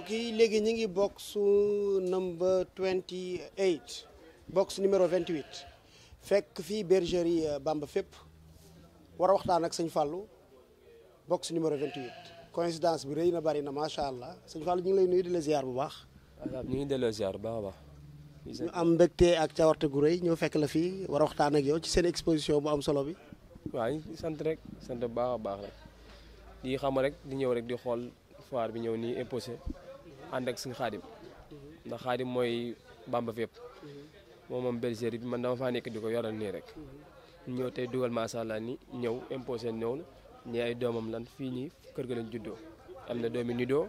mbokk yi léegi ñu ngi box number 28 box numéro 28 fekk fii bergerie euh, Bamba fépp war a waxtaan ak sëñ Fallou box numéro 28 coïncidence bi rëy na bari na macha allah sëñ Fallou ñu ngi lay nuyu di bu baax. waaw ñu ngi delloo ziar bu baax baax. ñu am mbégte ak cawarte gu rëy ñoo fekk la fii war a waxtaan ak yow ci seen exposition bu am solo bi. waaw sant rek sant bu baax a baax rek di xam rek di ñëw rek di xool foir bi ñëw nii imposé ànd ak suñu xaadim ndax xaadim mooy bamba fépp moom moom bergerie bi man dama faa nekk di ko yoral nii rek ñëw tey dugal macha ni ñëw imposé ñëw ñi ay doomam lan fii ñi kër ga lañ juddoo am na doomi ni doo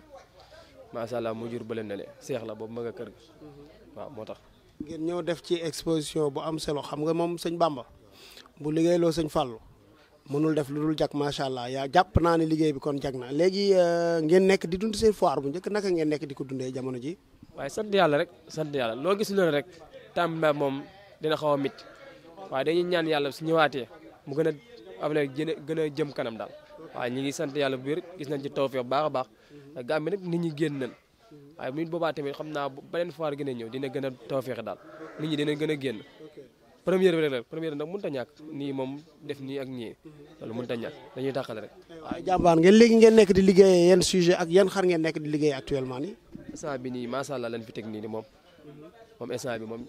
macha allah mu jur bële na le seex la boobu ma nga kër ga waaw moo tax ngeen ñëw def ci exposition bu am solo xam nga moom sëñ bàmba bu liggéeyloo sëñ fàllu mënul def lu dul jag macha allah yaa jàpp naa ne liggéey bi kon jag naa léegi euh, ngeen nekk di dund seen foire bu njëkk naka ngeen nekk di ko dundee jamono ji waaye sant yàlla rek sant yàlla loo gis loolu rek tàmba moom dina xaw a mit waaye dañuy ñaan yàlla su ñëwaatee mu gën a avenir gën jëm kanam daal waaye ñi ngi sant yàlla bu wér gis nañ ci tawfeex baax a baax gàmm bi nag nit ñi génn nañ waaye bu nit boobaa tamit xam naa beneen foire gën a ñëw dina gën a tawfeex daal nit ñi dina gën a génn première bi rek la première nag mënut ta ñàkk nii moom def nii ak ñii loolu ta a ñàkk dañuy tàqale rek. waaw jàmbaar ngeen léegi ngeen nekk di liggéey yan sujet ak yan xar ngeen nekk di liggéey actuellement nii. instant bi nii macha allah lañ fi teg nii moom moom instant bi moom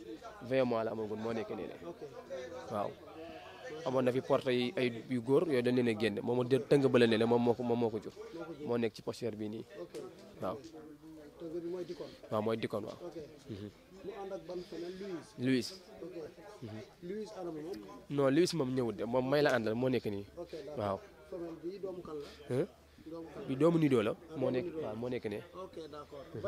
vingt mois la amagun moo nekk nii waaw. amoon na fi porte ay yu góor yooyu dañ leen génne moom moo tënk bële ne la moom moo moom moo ko jur moo nekk ci posture bi nii waaw. waaw mooy dikkoon waaw. Mhm. Louis. Mm-hmm. Louis Anam moom. ñëwut de moom may la àndal moo nekk nii. waaw. bi doomu nidoo la moo nekk waaw moo nekk mm-hmm.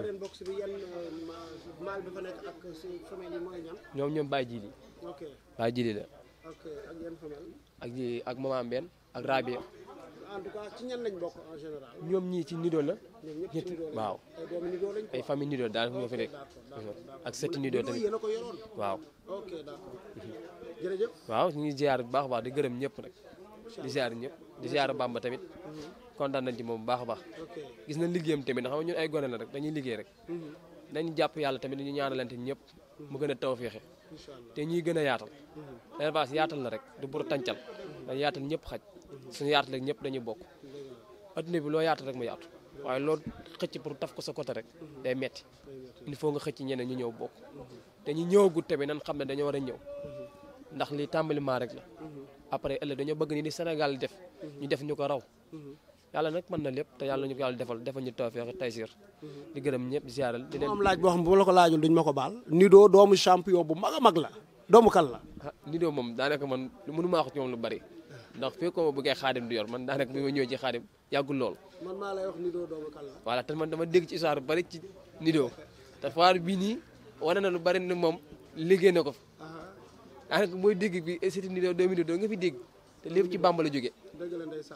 ne. Euh, ñoom ñoom Baye Jili. ok Baye la. ak yan famille. ak ak maman en tout cas ci ñan lañ bokk ñoom ñii ci nido la. ñoom ñëpp ci nido la waaw. ay famille nido daal ñoo fi nekk. ak sëtti nido tamit yéen a waaw waaw ñu ngi ziar bu baax baax di gërëm ñëpp rek. di ziar ñëpp di ziar Bamba tamit. Mm-hmm. kontaan nañ ci moom bu baax a baax. gis na liggéeyam tamit nga xam ne ay gone la rek dañuy liggéey rek. dañu mm-hmm. jàpp yàlla tamit ñu ñaanalante ñëpp. mu gën a tawféexe te ñuy gën a yaatal. élevage mm-hmm. yaatal rek du pour tàncal dañ yaatal ñëpp xaj suñu yaatu rek ñëpp dañuy bokk adduna bi loo yaatu rek mu yaatu waaye loolu xëcc pour taf ko sa côté rek day metti il faut nga xëcc ñeneen ñu ñëw bokk te ñu ñëwagut tamit nan xam ne dañoo a ñëw ndax li tàmbaliment rek la après ëllëg dañoo bëgg ni ni Sénégal def ñu def ñu ko raw yàlla nag mën na lépp te yàlla ñu ko yàlla defal defal ñu tawfeex taysir di gërëm ñëpp ziaral di leen am laaj bu ma la ko laajul duñ ma ko baal Nido doomu champion bu mag a mag la doomu kan la ah, Nido moom daanaka man mënu maa lu bari ndax fii ko ma bëggee xaadim du yor man daanaka bi ma ñëwee ci xaadim yàggul lool. man maa te man dama dégg ci histoire bu bari ci Nido te foire bii nii wane na lu bari ni moom liggéey na ko fi. Uh-huh. daanaka mooy dégg bi c'est Nido doomu Nido nga fi dégg te lépp ci Bàmba la jóge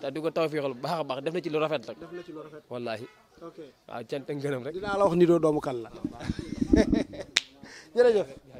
te di ko taw fii xol baax a baax def na ci lu rafet rek. def na ci lu rafet wallaahi. ok waaw cant ak ngërëm rek. dinaa la wax Nido doomu kan la. jërëjëf.